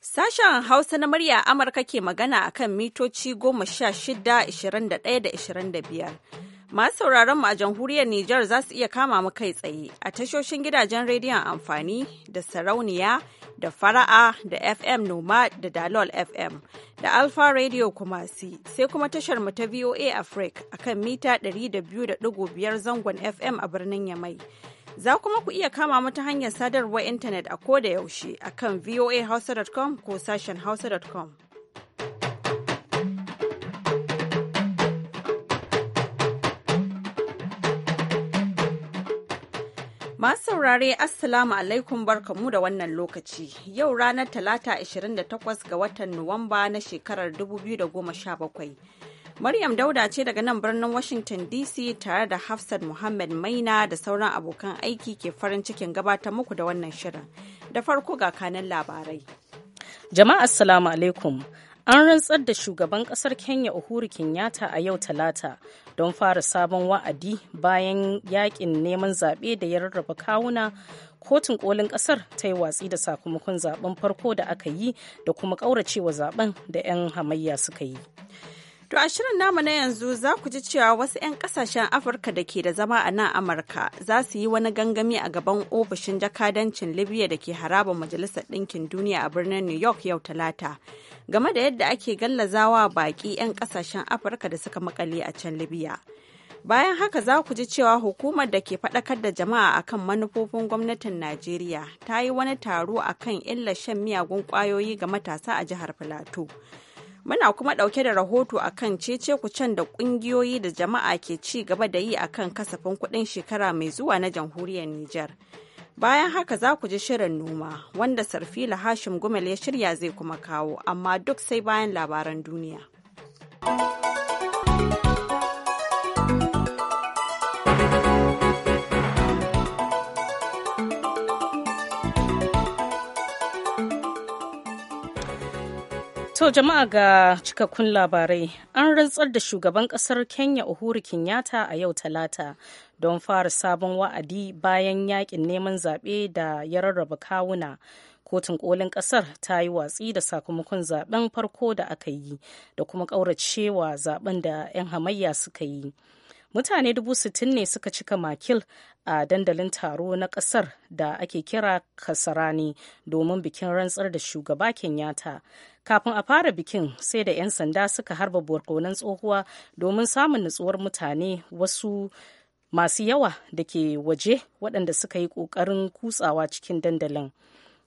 Sashen Hausa na murya Amurka ke magana a kan mitoci goma sha shida, ishirin da ɗaya da ishirin da biyar. Masu sauraron mu a jamhuriyar Nijar za su iya kama mu kai tsaye a tashoshin gidajen rediyon amfani da sarauniya da fara'a da FM Noma da Dalol FM da Alfa Radio Kumasi sai kuma tashar mu ta VOA Africa akan mita 200.5 zangon FM a birnin Yamai. Za kuma ku iya kama mu ta hanyar sadarwar intanet a koda yaushe kan voahausa.com ko sashen hausa.com. Masu saurare Assalamu alaikum barkamu da wannan lokaci. Yau ranar Talata 28 ga watan Nuwamba na shekarar 2017. Maryam Dauda ce daga nan birnin Washington DC tare da Hafsat Muhammad Maina da sauran abokan aiki ke farin cikin gabatar muku da wannan shirin. Da farko ga kanan labarai. Jama'a Assalamu alaikum. An rantsar da shugaban kasar Kenya Uhuru Kenyatta a yau Talata don fara sabon wa'adi bayan yakin neman zaɓe da ya rarraba kawuna kotun kolin ƙasar ta yi watsi da sakamakon zaben farko da aka yi da kuma ƙauracewa zaben da 'yan hamayya suka yi To a shirin namu na yanzu za ku ji cewa wasu 'yan kasashen Afirka da ke da zama a nan Amurka za su yi wani gangami a gaban ofishin jakadancin Libya da ke haraba Majalisar Ɗinkin Duniya a birnin New York yau Talata game da yadda ake gallazawa baƙi 'yan kasashen Afirka da suka makale a can Libya. Bayan haka za ku ji cewa hukumar da ke faɗakar da jama'a akan manufofin gwamnatin Najeriya ta yi wani taro akan illa shan miyagun ƙwayoyi ga matasa a jihar Filato. Muna kuma ɗauke da rahoto a kan cece kucen da ƙungiyoyi da jama'a ke ci gaba da yi a kan kasafin kuɗin shekara mai zuwa na jamhuriyar Nijar. Bayan haka za ku ji shirin noma wanda Sarfila Hashim Gumel ya shirya zai kuma kawo, amma duk sai bayan labaran duniya. jama'a ga cikakkun labarai an rantsar da shugaban kasar Kenya Uhuru Kenyatta a yau talata don fara sabon wa'adi bayan yakin neman zaɓe da ya rarraba kawuna. kotun kolin kasar ta yi watsi da sakamakon zaben farko da aka yi da kuma kauracewa zaben da 'yan hamayya suka yi mutane dubu sittin ne suka cika makil a dandalin taro na kasar da ake kira kasarani domin bikin rantsar da shugaba kenyatta kafin a fara bikin sai da 'yan sanda suka harba barkonan tsohuwa domin samun nutsuwar mutane wasu masu yawa da ke waje waɗanda suka yi ƙoƙarin kutsawa cikin dandalin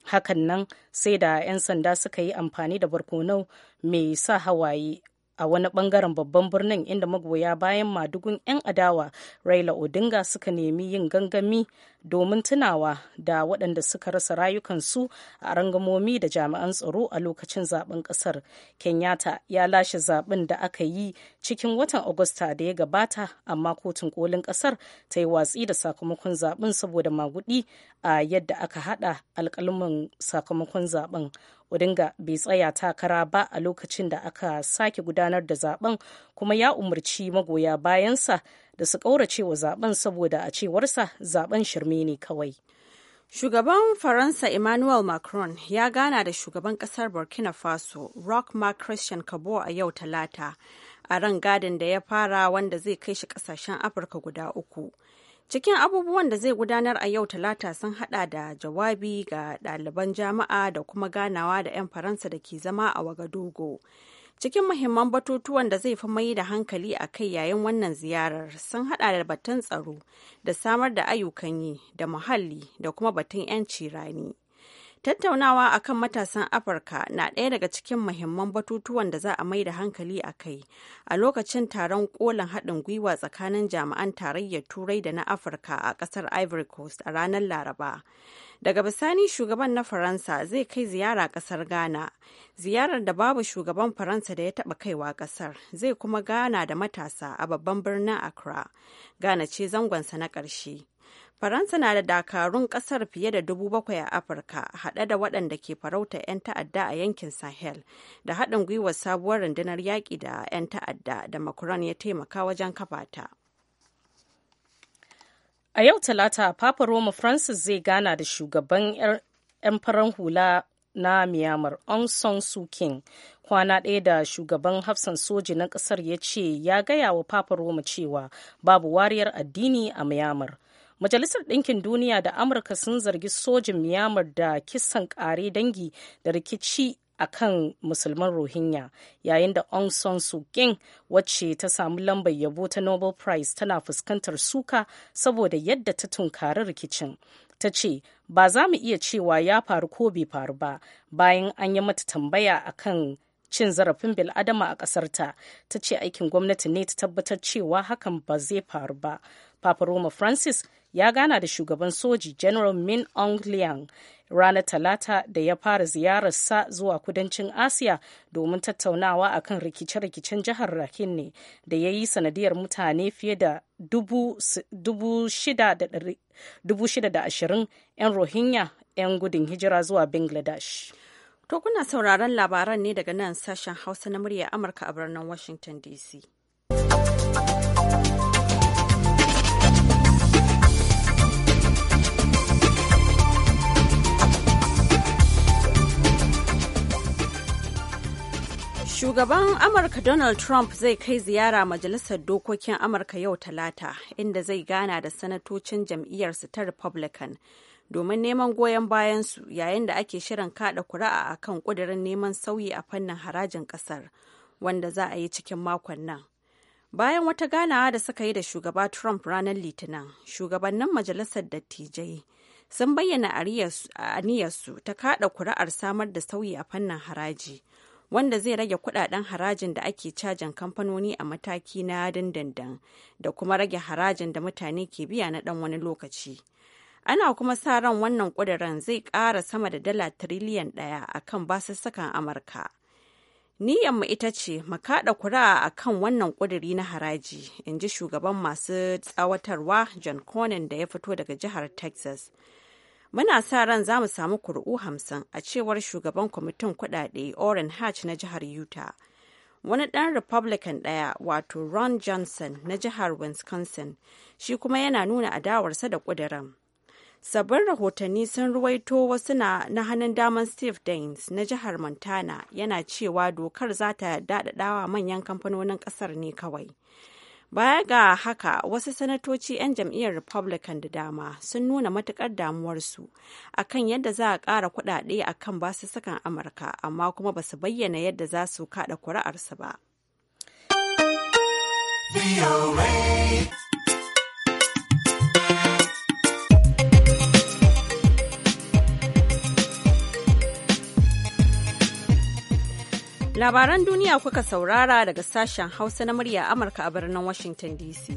hakan nan sai da 'yan sanda suka yi amfani da barkonau mai sa hawaye a wani bangaren babban birnin inda magoya bayan madugun 'yan adawa raila odinga suka nemi yin gangami domin tunawa da waɗanda suka rasa rayukansu a rangamomi da jami'an tsaro a lokacin zaben ƙasar kenyatta ya lashe zaben da aka yi cikin watan agusta da ya gabata amma kotun kolin ƙasar ta yi watsi da sakamakon zaben saboda magudi a yadda aka haɗa alƙalmin sakamakon zaben odinga bai tsaya takara ba a lokacin da aka sake gudanar da zaben kuma ya umarci magoya bayansa da su ƙaurace wa zaben saboda a cewarsa zaben shirme ne kawai Shugaban Faransa Emmanuel Macron ya gana da shugaban kasar Burkina Faso, Rock Mark Christian Cabo a yau Talata, a ran gadin da ya fara wanda zai kai shi kasashen Afirka guda uku. Cikin abubuwan da zai gudanar a yau talata sun hada da jawabi ga ɗaliban jama'a da kuma ganawa da 'yan Faransa da ke zama a Wagadugo. Cikin muhimman batutuwan da zai fi mai da hankali a kai yayin wannan ziyarar sun hada da batun tsaro da samar da ayyukan yi da muhalli da kuma batun 'yanci rani. Tattaunawa akan matasan Afirka na ɗaya daga cikin muhimman batutuwan da za a mai da hankali a kai a lokacin taron kolin haɗin gwiwa tsakanin jami'an tarayyar Turai da na Afirka a ƙasar Ivory Coast a ranar Laraba. Daga bisani shugaban na Faransa zai kai ziyara ƙasar Ghana, ziyarar da babu shugaban Faransa da ya taɓa kaiwa ƙasar, zai kuma gana da matasa a babban birnin Accra. Ghana ce zangonsa na ƙarshe. Faransa na da dakarun kasar fiye da dubu bakwai a Afirka, haɗe da waɗanda ke farauta 'yan ta'adda a yankin Sahel, da haɗin gwiwar sabuwar rundunar yaƙi da 'yan ta'adda da Macron ya taimaka wajen kafa ta. A yau Talata, Papa Roma Francis zai gana da shugaban 'yan farar hula na miyamar Aung San Suu Kyi kwana ɗaya da shugaban hafsan soji na ƙasar ya ce ya gaya wa Papa Roma cewa babu wariyar addini a miyamar. Majalisar Ɗinkin Duniya da Amurka sun zargi sojin Myanmar da kisan ƙare dangi da rikici a kan musulman rohingya yayin da aung san suu kyi wacce ta samu lambar yabo ta nobel prize tana fuskantar suka saboda yadda ta tunkari rikicin ta ce ba za mu iya cewa ya faru ko bai faru ba bayan an yi mata tambaya a kan cin zarafin bil'adama a ƙasarta ta ce aikin gwamnati ne ta tabbatar cewa hakan ba zai faru ba papa roma francis ya gana da shugaban soji General Min Aung liang ranar Talata da ya fara ziyararsa zuwa kudancin Asiya domin tattaunawa akan rikice-rikicen jihar Rakhine ne da ya yi sanadiyar mutane fiye da 6,020 'yan Rohingya 'yan gudun hijira zuwa Bangladesh. To kuna sauraron labaran ne daga nan sashen Hausa na murya Amurka a birnin Washington DC. Shugaban Amurka Donald Trump zai kai ziyara Majalisar Dokokin Amurka yau Talata, inda zai gana da sanatocin jam'iyyarsu ta Republican domin neman goyon bayansu yayin da ake shirin kada kuri'a a kan kudirin neman sauyi a fannin harajin ƙasar, wanda za a yi cikin makon nan. Bayan wata ganawa da suka yi da shugaba Trump ranar Litinin, shugabannin Majalisar Dattijai sun bayyana aniyarsu ta kada kuri'ar samar da sauyi a fannin haraji. wanda zai rage kudaden harajin da ake cajin kamfanoni a mataki na dandandan da kuma rage harajin da mutane ke biya na dan wani lokaci. Ana kuma sa ran wannan kudirin zai kara sama da dala tiriliyan ɗaya a kan basussukan Amurka. niyanmu ita ce mu kaɗa kura a kan wannan kuduri na haraji, in ji shugaban masu tsawatarwa John Cornyn da ya fito daga jihar Texas. Muna sa ran za mu samu kuri'u hamsin a cewar shugaban kwamitin kudade Orrin Hatch na jihar Utah. Wani ɗan Republican ɗaya wato Ron Johnson na jihar Wisconsin shi kuma yana nuna adawarsa da ƙudurin. sabbin rahotanni sun ruwaito wasu na, na hannun daman steve daines na jihar montana yana cewa dokar za ta daɗaɗawa manyan kamfanonin ƙasar ne kawai Baya ga haka wasu sanatoci 'yan jam'iyyar Republican da dama sun nuna matukar damuwarsu akan yadda za a ƙara kuɗaɗe akan basussukan Amurka amma kuma ba su bayyana yadda za su kaɗa kuri'arsu ba. Labaran duniya kuka saurara daga sashen Hausa na murya Amurka a birnin Washington DC.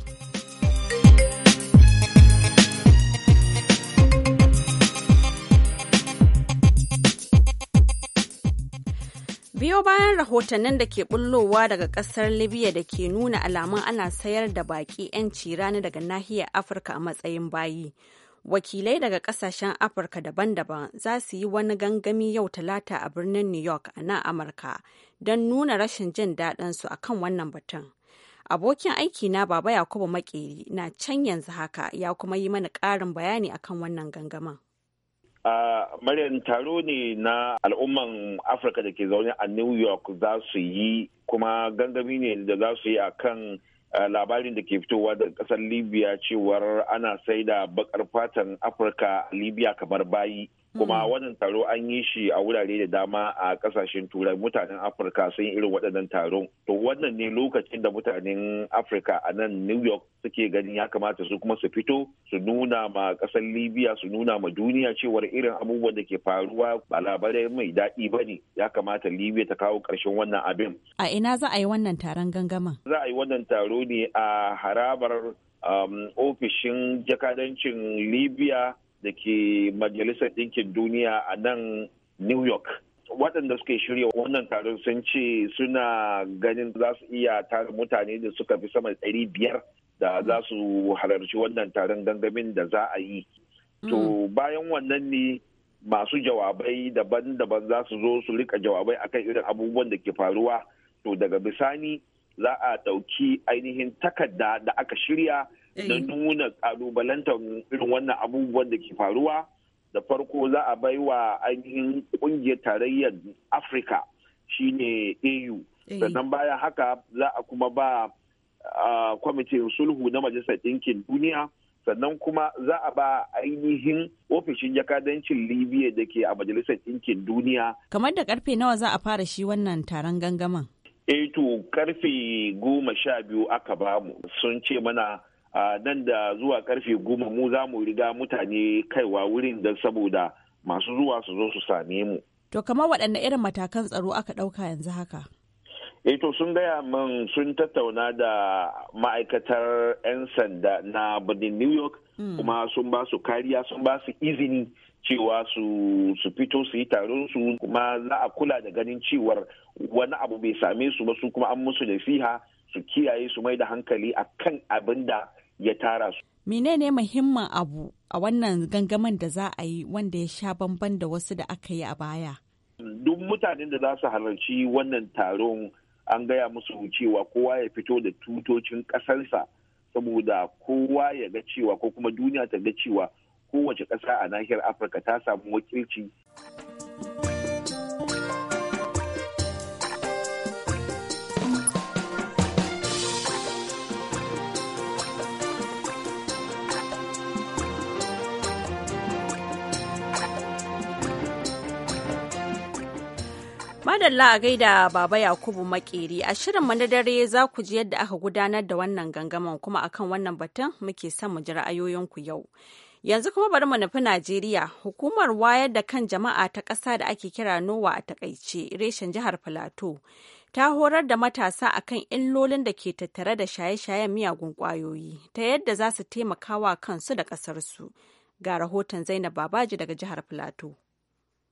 biyo bayan rahotannin da ke bullowa daga kasar libya da ke nuna alamun ana sayar da baki 'yanci rana daga nahiyar afirka a matsayin bayi wakilai daga kasashen afirka daban-daban za su yi wani gangami yau talata a birnin new york a nan amurka don nuna rashin jin daɗinsu a kan wannan batun. Abokin aikina Baba Yakubu Makeri na can yanzu haka ya kuma yi mana ƙarin bayani akan wannan gangamin. Uh, Maryam taro ne na al'umman Afirka da ke zaune a New York za su yi kuma gangami ne da za su yi a kan labarin da ke fitowa da ƙasar Libya cewar ana sai da bakar fatan Afirka Libya kamar bayi. kuma mm. wannan taro an yi shi a wurare da dama a kasashen turai mutanen afirka sun irin waɗannan taron to wannan ne lokacin da mutanen afirka a nan new york suke ganin ya kamata su kuma su fito su nuna ma ƙasar libya su nuna ma duniya cewar irin abubuwan da ke faruwa ba labarai mai daɗi ba ne ya kamata libya ta kawo ƙarshen wannan abin a ina za a yi wannan taron gangamin za a yi wannan taro ne a harabar um, ofishin jakadancin libya da ke majalisar ɗinkin duniya a nan new york waɗanda suke shirya wannan taron sun ce suna ganin za su iya tara mutane da suka fi sama ɗari biyar da za su halarci wannan taron gangamin da za a yi mm. to bayan wannan ne masu jawabai daban-daban za su zo su rika jawabai akan irin abubuwan da ke faruwa to daga bisani za a ɗauki ainihin takarda da aka shirya da eh. nuna kalubalantar irin wannan abubuwan da ke faruwa da farko za a bai wa ainihin kungiyar tarayyar afirka shine au eh. sannan bayan haka za a kuma ba kwamitin sulhu na majalisar ɗinkin duniya sannan kuma za a ba ainihin ofishin jakadancin libya da ke a majalisar ɗinkin duniya kamar da karfe nawa za a fara shi wannan taron gangaman eh to karfe goma sha biyu aka bamu sun ce mana nan da zuwa karfe goma mu za mu riga mutane kaiwa wurin don saboda masu zuwa su zo su same mu. To kamar waɗanne irin matakan tsaro aka ɗauka yanzu haka? Eh to sun gaya min sun tattauna da ma'aikatar 'yan sanda na birnin New York mm. kuma sun ba su kariya sun ba su izini cewa su fito su yi taron su kuma za a kula da ganin cewar wani abu bai same su ba su kuma an musu nasiha su kiyaye su mai da hankali akan abin da ya tara su. Menene muhimmin abu a wannan gangaman da za a yi wanda ya sha bamban da wasu da aka yi a baya? Duk mutanen da za su halarci wannan taron an gaya musu cewa kowa ya fito da tutocin ƙasarsa saboda kowa ya ga cewa ko kuma duniya ta ga cewa kowace ƙasa a nahiyar Afirka ta samu wakilci. Madalla a gaida Baba Yakubu Makeri a shirin na dare za ku ji yadda aka gudanar da wannan gangaman kuma akan wannan batun muke son mu ji ra'ayoyinku yau. Yanzu kuma bari mu nufi Najeriya, hukumar wayar da kan jama'a ta ƙasa da ake kira Nowa a takaice, reshen jihar Filato, ta horar da matasa akan illolin da ke tattare da shaye-shayen miyagun ƙwayoyi, ta yadda za su taimakawa kansu da ƙasarsu. Ga rahoton Zainab Babaji daga jihar Filato.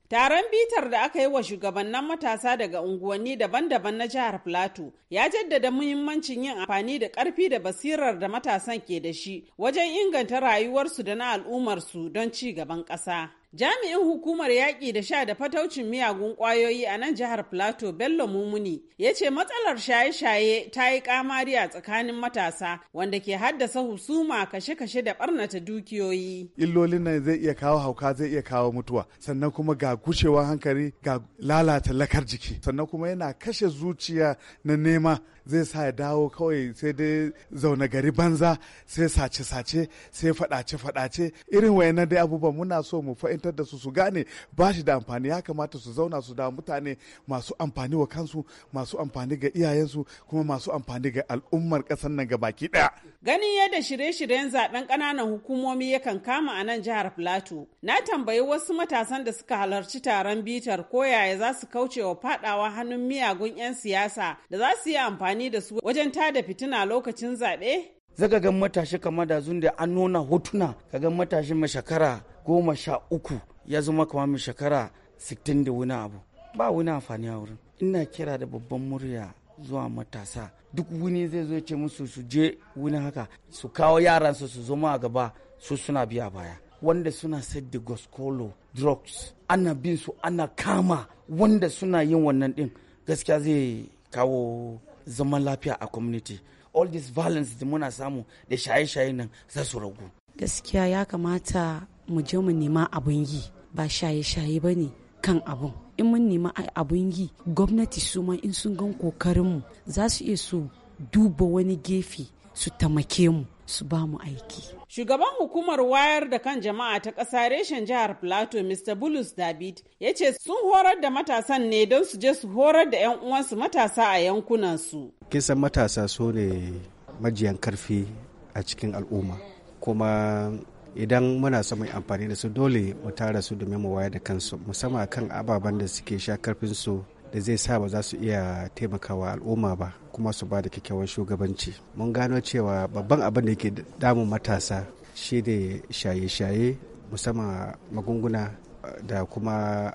Taron bitar da aka yi wa shugabannin matasa daga unguwanni daban-daban na jihar Filato ya jaddada muhimmancin yin amfani da ƙarfi da basirar da matasan ke da shi wajen inganta rayuwarsu da na al'ummarsu don ci gaban ƙasa. Jami'in hukumar yaƙi da sha da fataucin miyagun ƙwayoyi a nan jihar Plateau Bello Mumuni ya ce matsalar shaye-shaye ta yi kamari a tsakanin matasa wanda ke haddasa husuma kashe-kashe da ɓarnata dukiyoyi. Illolin nan zai iya kawo hauka zai iya kawo mutuwa sannan kuma ga gushewan hankali ga lalata lakar jiki sannan kuma yana kashe zuciya na nema zai sa ya dawo kawai sai dai zaune gari banza sai sace-sace sai fadace-fadace irin wayannan dai abubuwan muna so mu fahimtar da su su gane ba shi da amfani ya kamata su zauna su da mutane masu amfani wa kansu masu amfani ga iyayensu kuma masu amfani ga al'ummar ƙasar nan ga baki ɗaya. Ganin yadda shirye-shiryen zaben ƙananan hukumomi yakan kama a nan jihar Plateau, na tambayi wasu matasan da suka halarci taron bitar ko yaya za su kauce wa faɗawa hannun miyagun 'yan siyasa da za su yi amfani amfani da su wajen tada fitina lokacin zaɓe? Zaga gan matashi kama da zun da an nuna hotuna ka gan matashi mai shekara goma sha uku ya zama kama mai shekara sittin da wani abu. Ba wani amfani a wurin. Ina kira da babban murya zuwa matasa duk wuni zai zo ce musu su je wuni haka su kawo yaransu su zama a gaba su suna biya baya. wanda suna sayar da goskolo drugs ana bin su ana kama wanda suna yin wannan din gaskiya zai kawo zaman lafiya a community all this violence da muna samu da shaye-shaye nan za su ragu gaskiya ya kamata mu je mu nema abun yi ba shaye-shaye ba ne kan abun in mun nema abun yi gwamnati su ma in sun gan kokarinmu za su iya su duba wani gefe su tamake mu su ba mu aiki. Shugaban hukumar wayar da kan jama'a ta ƙasa reshen jihar Plateau Mr. Bulus David ya ce sun horar da matasan ne don su je su horar da 'yan uwansu matasa a yankunansu. Kisan matasa so ne majiyan karfi a cikin al'umma kuma idan muna son mai amfani da su dole mu tara su domin mu wayar da kansu musamman kan ababen da suke sha karfin su da zai sa ba za su iya taimakawa al'umma ba kuma su ba da kyakkyawan shugabanci mun gano cewa babban abin da yake damun matasa shi ne shaye-shaye musamman magunguna eh, da kuma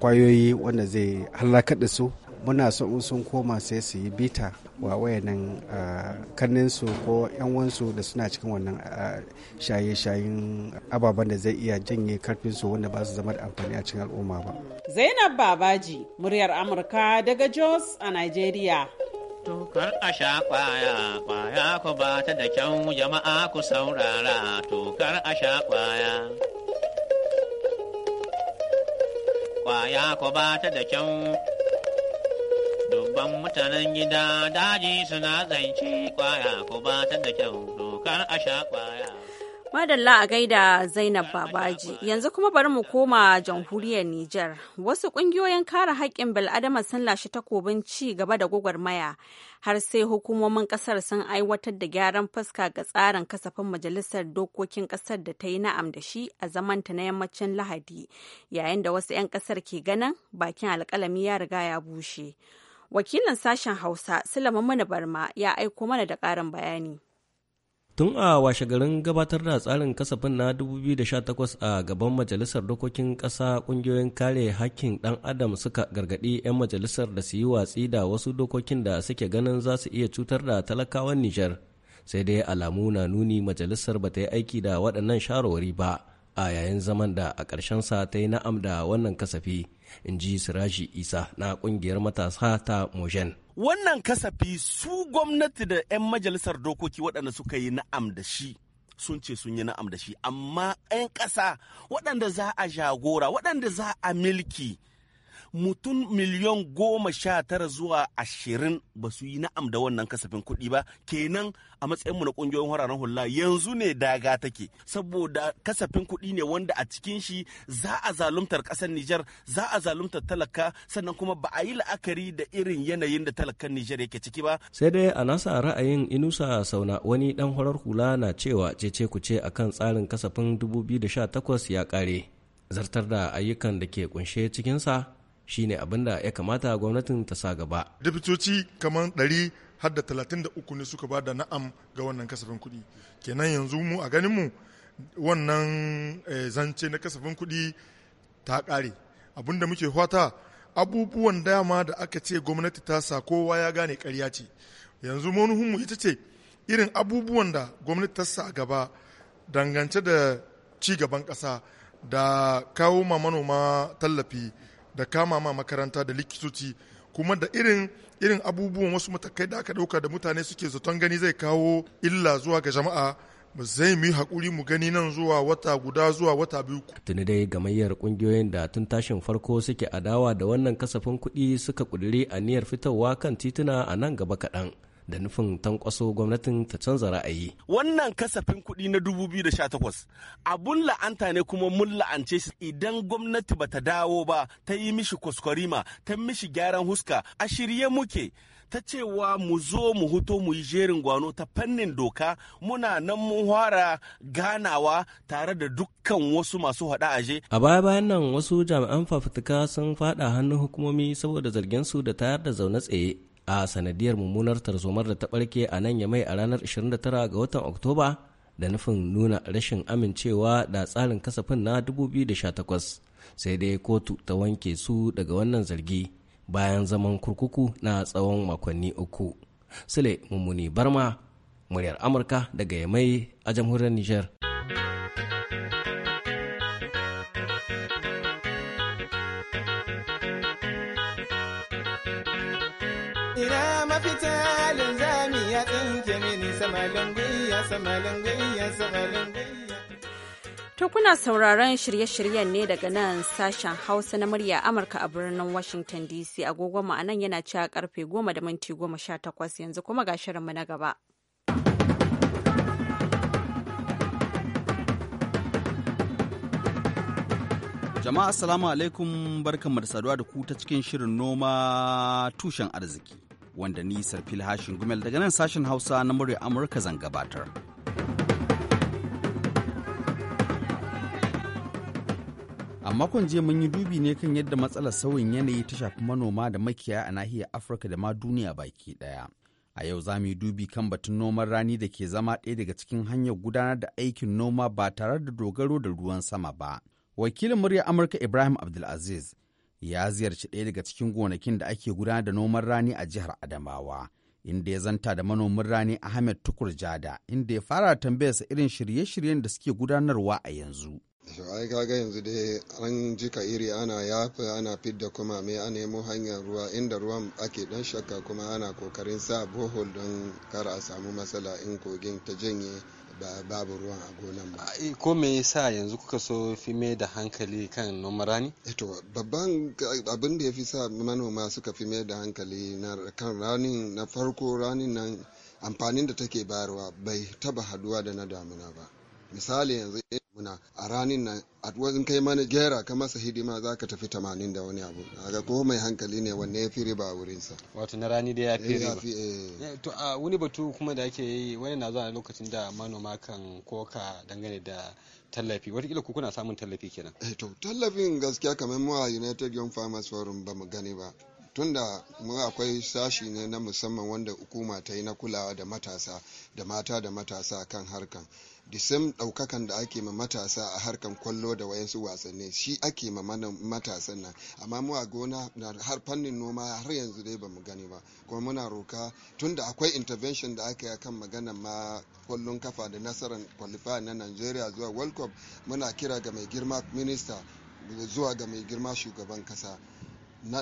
kwayoyi wanda zai halakar da su muna so in sun koma sai su yi bita wa wayannan kanninsu ko yan da suna cikin wannan shaye-shayen ababen da zai iya janye karfinsu wanda ba su zama da amfani a cikin al'umma ba. Zainab Babaji, muryar Amurka daga Jos a Nigeria. Tokar a sha kwaya, kwaya ku ba ta da kyau jama'a ku saurara, tokar a sha kwaya. Kwaya ku ba ta da kyau Dubban mutanen gida daji suna zance kwaya ko ba ta da kyau dokar a sha kwaya. Madalla a gaida Zainab Babaji yanzu kuma bari mu koma jamhuriyar Nijar. Wasu ƙungiyoyin kare haƙƙin bil'adama sun lashe takobin ci gaba da gwagwarmaya har sai hukumomin ƙasar sun aiwatar da gyaran fuska ga tsarin kasafin majalisar dokokin ƙasar da ta yi na'am da shi a zamanta na yammacin Lahadi yayin da wasu 'yan ƙasar ke ganin bakin alƙalami ya riga ya bushe. wakilin sashen hausa sulaiman mana barma ya aiko mana da karin bayani tun a washe garin gabatar da tsarin kasafin na 2018 a gaban majalisar dokokin ƙasa ƙungiyoyin kare hakkin ɗan adam suka gargaɗi 'yan majalisar da su yi watsi da wasu dokokin da suke ganin za su iya cutar da talakawan nijar sai dai alamu na nuni majalisar ba ta yi aiki da waɗannan shawarwari ba a yayin zaman da a sa ta yi na'am da wannan kasafi in ji sirashi isa na ƙungiyar matasa ta moshen wannan kasafi su gwamnati da 'yan majalisar dokoki waɗanda suka yi na'am da shi sun ce sun yi na'am da shi amma 'yan ƙasa waɗanda za a jagora waɗanda za a milki mutum miliyan goma sha tara zuwa ashirin ba su yi na'am da wannan kasafin kuɗi ba kenan a matsayinmu na ƙungiyoyin wararen hula yanzu ne daga take saboda kasafin kuɗi ne wanda a cikin shi za a zaluntar ƙasar Nijar za a zaluntar talaka sannan kuma ba a yi la'akari da irin yanayin da talakan Nijar yake ciki ba. Sai dai a nasa ra'ayin Inusa Sauna wani ɗan horar hula na cewa cece ce akan tsarin kasafin 2018 ya ƙare. Zartar da ayyukan da ke kunshe cikinsa shine abin da ya kamata gwamnatin ta sa gaba dafitoci kamar ɗari har da talatin da uku ne suka ba da na'am ga wannan kasafin kuɗi kenan yanzu mu a ganinmu wannan eh, zance na kasafin kuɗi ta ƙare abin da muke fata abubuwan dama da aka ce gwamnati ta sa kowa ya gane ƙarya ce yanzu mu ita ce irin abubuwan da gwamnati ta sa gaba dangance da ci gaban ƙasa da kawo ma manoma tallafi da kama ma makaranta da likitoci kuma da irin irin abubuwan wasu matakai da aka dauka da mutane suke zaton gani zai kawo illa zuwa ga jama'a zai mu hakuri haƙuri mu gani nan zuwa wata guda zuwa wata biyu. Tuni dai gamayyar kungiyoyin da tun tashin farko suke adawa da wannan kasafin kuɗi suka a aniyar fitowa kan tituna a nan gaba kaɗan. da nufin tankwaso gwamnatin ta canza ra'ayi. Wannan kasafin kuɗi na 2018 abun la'anta ne kuma mun la'ance shi idan gwamnati bata dawo ba ta yi mishi kwaskwarima ta mishi gyaran huska a shirye muke ta cewa mu zo mu huto mu yi jerin gwano ta fannin doka muna nan mun fara ganawa tare da dukkan wasu masu hada aje. A baya bayan nan wasu jami'an fafutuka sun fada hannun hukumomi saboda zargin su da tayar da zaune tsaye a sanadiyar mummunar tarzomar da ta barke a nan ya mai a ranar 29 ga watan oktoba da nufin nuna rashin amincewa da tsarin kasafin na 2018 sai dai kotu ta wanke su daga wannan zargi bayan zaman kurkuku na tsawon makonni uku sule mummuni barma muryar amurka daga yamai a jamhuriyar Nijar. To kuna sauraron shirye-shiryen ne daga nan sashen Hausa na murya Amurka a birnin Washington DC agogon mu anan yana cewa karfe goma da minti goma sha takwas yanzu kuma ga shirinmu na gaba. Jama'a assalamu alaikum barkanmu da saduwa da ku ta cikin shirin noma tushen arziki. wanda ni sarfil hashin gumel daga nan sashen hausa na murya amurka zan gabatar a makon jiya mun yi dubi ne kan yadda matsalar sauyin yanayi ta shafi manoma da makiyaya a nahiyar afirka da ma duniya baki daya a yau za mu yi dubi kan batun noman rani da ke zama ɗaya daga cikin hanyar gudanar da aikin noma ba tare da dogaro da ruwan sama ba wakilin murya amurka ibrahim abdulaziz ya ziyarci ɗaya daga cikin gonakin da ake gudanar da noman rani a jihar Adamawa, inda ya zanta da manomin rani Ahmed Tukur Jada, inda ya fara tambayarsa irin shirye-shiryen da suke gudanarwa a yanzu. ai kaga yanzu dai an jika iri ana yafe ana fidda kuma me a nemo hanyar ruwa inda ruwan ake dan shakka kuma ana kokarin sa bohol don kar a samu matsala in kogin ta janye babu ruwan a gonan ba ko me yasa yanzu kuka so fi mai da hankali kan noman rani eh to babban abin da ya fi sa manoma suka fi mai da hankali na kan ranin na farko rani nan amfanin da take bayarwa bai taba haduwa da na damuna ba misali yanzu eh, muna a ranin nan a wajen kai mana gera ka masa hidima za ka tafi tamanin da wani abu ga ko mai hankali ne wanne ya fi riba a wurinsa wato na rani da ya fi eh, riba eh. to a wani batu kuma da ake yi wani na zuwa lokacin da manoma kan koka dangane da tallafi watakila ku kuna samun tallafi kenan eh to tallafin gaskiya kamar mu a united young farmers forum ba mu gani ba tunda mu akwai sashi ne na musamman wanda hukuma ta yi na kulawa da matasa da mata da matasa kan harkan the same ɗaukakan da ake ma matasa a harkan kwallo da wayansu wasanni shi ake ma matasan nan amma mu a gona na har fannin noma har yanzu dai bamu gani ba kuma muna roka tunda akwai intervention da aka yi kan magana ma kwallon kafa da nasarar qualifier na Nigeria zuwa World Cup muna kira ga mai girma minista zuwa ga mai girma shugaban kasa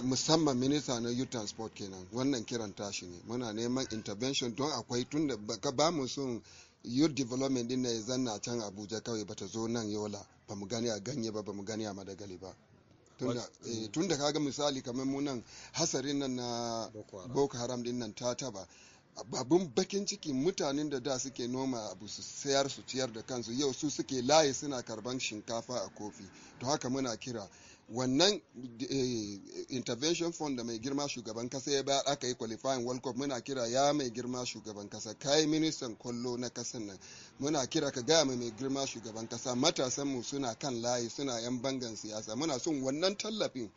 musamman minista na youth transport kenan wannan kiran tashi ne muna neman intervention don akwai tunda ba mu son youth development din ya zanna can abuja kawai bata zo nan yola ba mu gani a ganye ba ba mu gani a madagali ba tun eh, da kaga misali kamar mu nan hasarin nan na boko haram din nan ta taba babban bakin ciki mutanen da da suke noma abu su sayar su ciyar da kansu yau su suke layi suna karban shinkafa a kofi to haka muna kira wannan eh, intervention fund da mai girma shugaban kasa ya ba aka yi qualifying world cup muna kira ya mai girma shugaban kasa kai ministan kwallo na kasan nan muna kira ka gaya mai girma shugaban kasa matasanmu suna kan layi suna yan bangan siyasa muna son wannan tallafin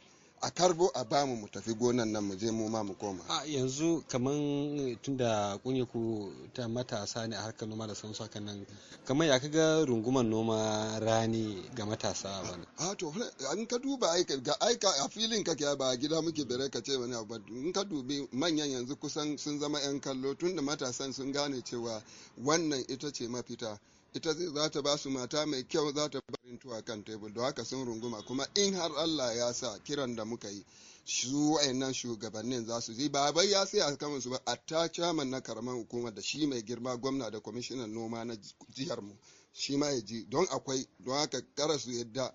a karbo a bamu mu tafi gonan nan mu je mu ma mu koma a yanzu kaman eh, tunda kunya ku ta matasa ne a harkar noma da sansu hakan nan kaman ya kaga runguman noma rani ga matasa wani. a to an ka duba aika ga aika a filin ka ke ba gida muke bere ka ce wani abu in ka dubi manyan yanzu kusan sun zama yan kallo tunda matasan sun gane cewa wannan ita ce mafita ita za ta ba su mata mai kyau za ta barin tuwa kan tebul da haka sun runguma kuma in har Allah ya sa kiran da muka yi su wayannan shugabannin za su ji ba bai ya sai a kan su ba a ta caman na karaman hukumar da shi mai girma gwamna da kwamishinan noma na jihar mu shi ma ya ji don akwai don haka kara su yadda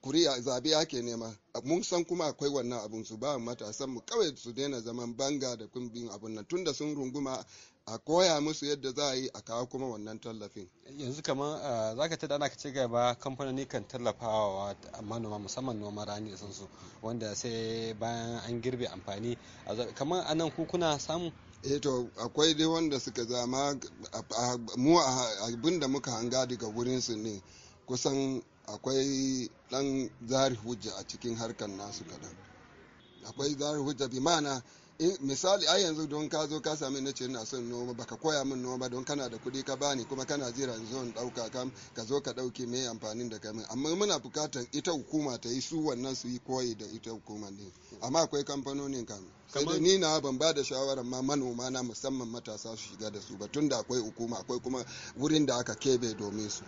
kuriya zabe ake nema mun san kuma akwai wannan abun su ba matasan mu kawai su daina zaman banga da kumbin abun nan tunda sun runguma a koya musu yadda za a yi a kawo kuma wannan tallafin yanzu kamar za ka tada ka ci gaba kamfanoni kan tallafawa manoma musamman noman rani da sansu wanda sai bayan an girbe amfani kamar anan ku kuna samu eh to akwai dai wanda suka zama mu abin da muka hanga daga su ne kusan akwai dan zari hujja a cikin harkar nasu kadan akwai zari hujja bi mana Eh, misali ai yanzu don ka zo ka sami na ce ina son noma baka koya min noma don kana da kuɗi ka bani kuma kana jira in zon in ɗauka kam ka zo ka ɗauke mai amfanin da kai amma muna bukatar ita hukuma ta yi su wannan su yi koyi da ita hukuma ne amma akwai kamfanonin kan sai dai ni na ban ba da shawarar ma manoma na musamman matasa su shiga da su ba tunda akwai hukuma akwai kuma wurin da aka kebe domin su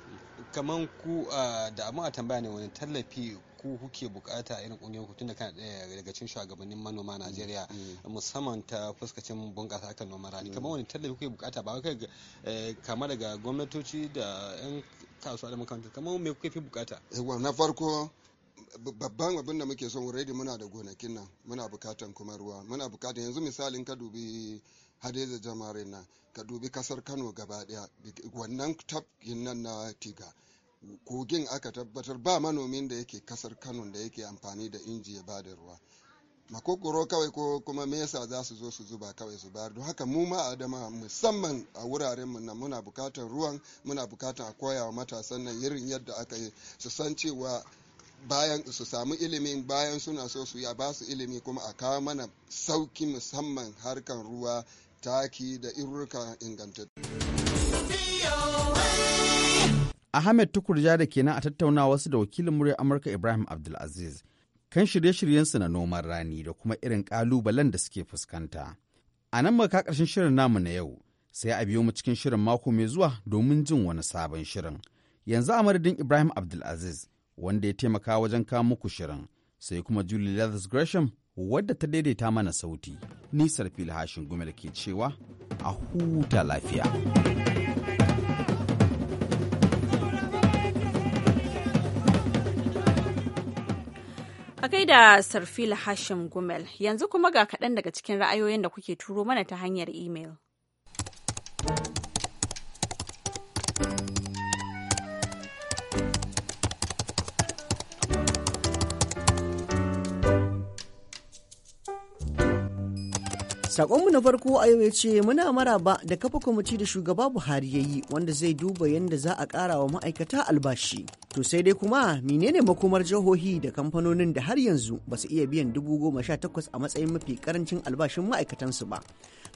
kaman ku ah, da amma a tambaya ne wani tallafi ku kuke bukata irin kungiyar ku tunda kana daga cikin shugabannin manoma Najeriya mm, mm. musamman ta fuskacin bunƙasa akan noman rani mm. kamar wani tallafi kuke bukata ba kai eh, kama daga gwamnatoci da yan kasuwa da makarantu kamar me kuke fi bukata na farko babban abin da muke son wurare muna da gonakin nan muna bukatan kuma ruwa muna bukatan yanzu misalin ka dubi hadeza jamare na ka dubi kasar kano gaba daya wannan tafkin nan na tiga kogin aka tabbatar ba manomin da yake kasar kano da yake amfani da inji ya bada ruwa makokoro kawai ko kuma mesa za su zo su zuba kawai su bayar don haka mu ma adama musamman a wuraren mu na muna bukatar ruwan muna bukatar a koya wa matasan nan irin yadda aka yi su san cewa bayan su samu ilimin bayan suna so su ya ba su ilimi kuma a kawo mana sauki musamman harkan ruwa taki da irurka ingantattu Ahmed Tukurja da kenan a tattauna wasu da wakilin murya Amurka Ibrahim Abdulaziz kan shirye-shiryensu na noman rani da kuma irin ƙalubalen da suke fuskanta. A nan muka ƙarshen shirin namu na yau, sai a biyo mu cikin shirin mako mai zuwa domin jin wani sabon shirin. Yanzu a madadin Ibrahim Abdulaziz wanda ya taimaka wajen kawo muku shirin, sai kuma Julie Leathers Gresham wadda ta daidaita mana sauti. Nisar filhashin hashin gumel ke cewa a huta lafiya. A gaida Sarfila Hashim Gumel, yanzu kuma ga kaɗan daga cikin ra'ayoyin da kuke turo mana ta hanyar imel. saƙonmu na farko a yau ya ce muna maraba da kafa kwamiti da shugaba Buhari ya yi wanda zai duba yadda za a ƙara wa ma'aikata albashi. To sai dai kuma menene makomar jihohi da kamfanonin da har yanzu ba su iya biyan dubu goma sha takwas a matsayin mafi karancin albashin ma'aikatansu ba.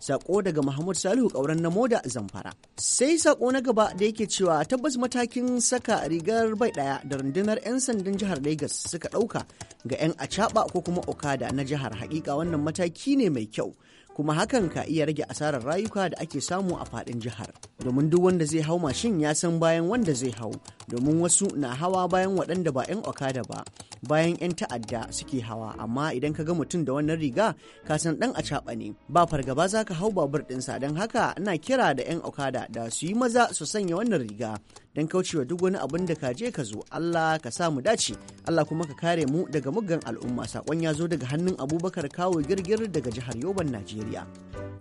Sako daga Muhammad Salihu ƙauren na Moda Zamfara. Sai sako na gaba da yake cewa tabbas matakin saka rigar bai ɗaya da rundunar 'yan sandan jihar Legas suka ɗauka ga 'yan acaɓa ko kuma Okada na jihar hakika wannan mataki ne mai kyau. kuma hakan ka iya rage asarar rayuka da ake samu a faɗin jihar domin duk wanda zai hau mashin ya san bayan wanda zai hau domin wasu na hawa bayan waɗanda ba 'yan okada ba bayan 'yan ta'adda suke hawa amma idan ka ga mutum da wannan riga ka san ɗan a ne ba fargaba za ka hau babur ɗinsa don haka ina kira da 'yan okada da su yi maza su sanya wannan riga don kaucewa duk wani abin da ka je ka zo Allah ka sa mu dace Allah kuma ka kare mu daga muggan al'umma sakon ya zo daga hannun Abubakar Kawo Girgir daga jihar Yoban Najeriya.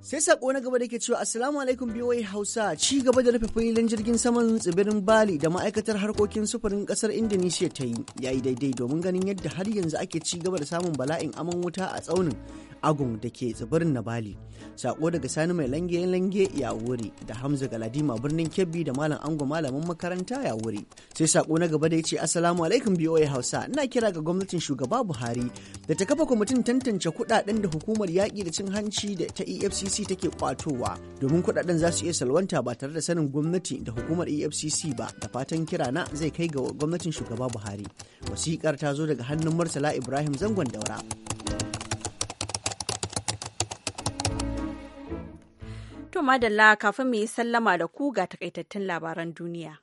Sai sako na gaba da ke cewa Assalamu alaikum BOA Hausa ci gaba da rufe filin jirgin saman tsibirin Bali da ma'aikatar harkokin sufurin kasar Indonesia ta yi ya yi daidai domin ganin yadda har yanzu ake ci gaba da samun bala'in aman wuta a tsaunin Agung da ke tsibirin na Bali. Sako daga Sani mai lange lange ya wuri da Hamza Galadima birnin Kebbi da Malam Ango malamin makaranta ya wuri. Sai sako na gaba da ya ce Assalamu alaikum BOA Hausa ina kira ga gwamnatin shugaba Buhari da ta kafa kwamitin tantance kuɗaɗen da hukumar yaƙi da cin hanci da ta EFCC efcc take kwatowa domin kudaden za su iya salwanta ba tare da sanin gwamnati da hukumar efcc ba da fatan kira na zai kai ga gwamnatin shugaba buhari wasiƙar ta zo daga hannun murtala ibrahim zangon daura to madalla kafin mu yi sallama da ku ga takaitattun labaran duniya.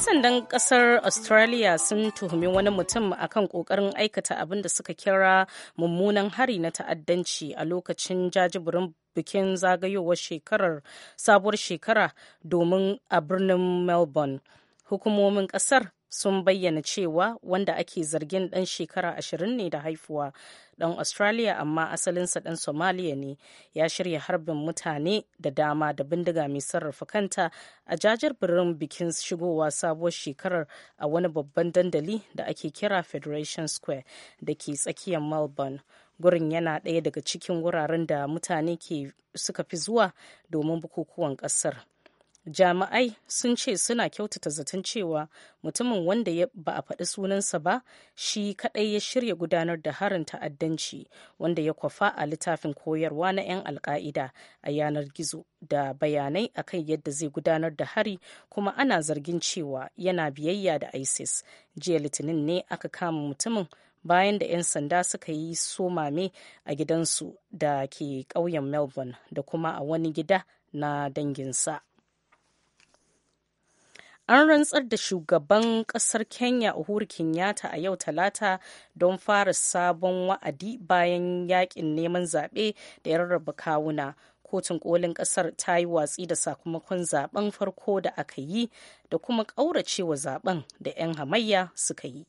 sandan kasar Australia sun tuhumi wani mutum akan kokarin aikata abin da suka kira mummunan hari na ta'addanci a lokacin jajibirin bikin zagayowar shekarar sabuwar shekara domin a birnin Melbourne. Hukumomin kasar sun bayyana cewa wanda ake zargin dan shekara ashirin ne da haifuwa dan australia amma asalinsa dan somalia ne ya shirya harbin mutane da dama da bindiga mai sarrafa kanta a jajar birnin bikin shigowa sabuwar shekarar a wani babban dandali da ake kira federation square da ke tsakiyar melbourne gurin yana ɗaya daga cikin wuraren da mutane ke suka fi zuwa domin bukukuwan ƙasar jami'ai sun ce suna kyautata zaton cewa mutumin wanda ba a faɗi sunansa ba shi kaɗai ya shirya gudanar da harin ta'addanci wanda ya kwafa a littafin koyarwa na 'yan alka'ida a yanar gizo da bayanai akan yadda zai gudanar da hari kuma ana zargin cewa yana biyayya da isis jiya litinin ne aka kama mutumin bayan da 'yan sanda suka yi somame a gidansu da ke ƙauyen melbourne da kuma a wani gida na danginsa. An rantsar da shugaban kasar Kenya Uhuru Kenyatta a yau Talata don fara sabon wa'adi bayan yakin neman zaɓe da ya rarraba kawuna. kotun kolin kasar ta yi watsi da sakamakon zaben farko da aka yi da kuma ƙauracewa zaben da 'yan hamayya suka yi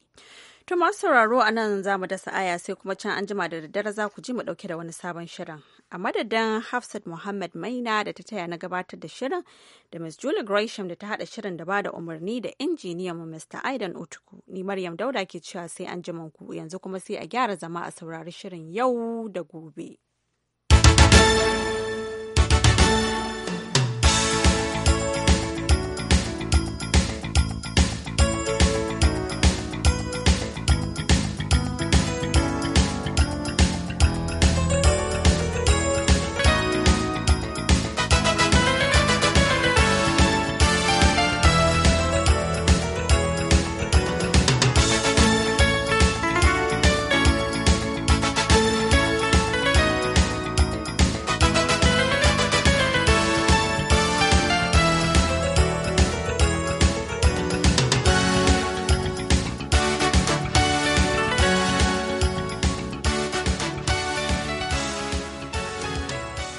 To masu sauraro a nan za mu dasa aya sai kuma can an jima da daddare za ku ji mu dauke da wani sabon shirin. A madadin Hafsat Muhammad Maina da ta taya na gabatar da shirin da Ms. Julie Gresham da ta hada shirin da ba da umarni da injiniyan mu Mr. Aidan Otuku. Ni Maryam Dauda ke cewa sai an jima ku yanzu kuma sai a gyara zama a saurari shirin yau da gobe.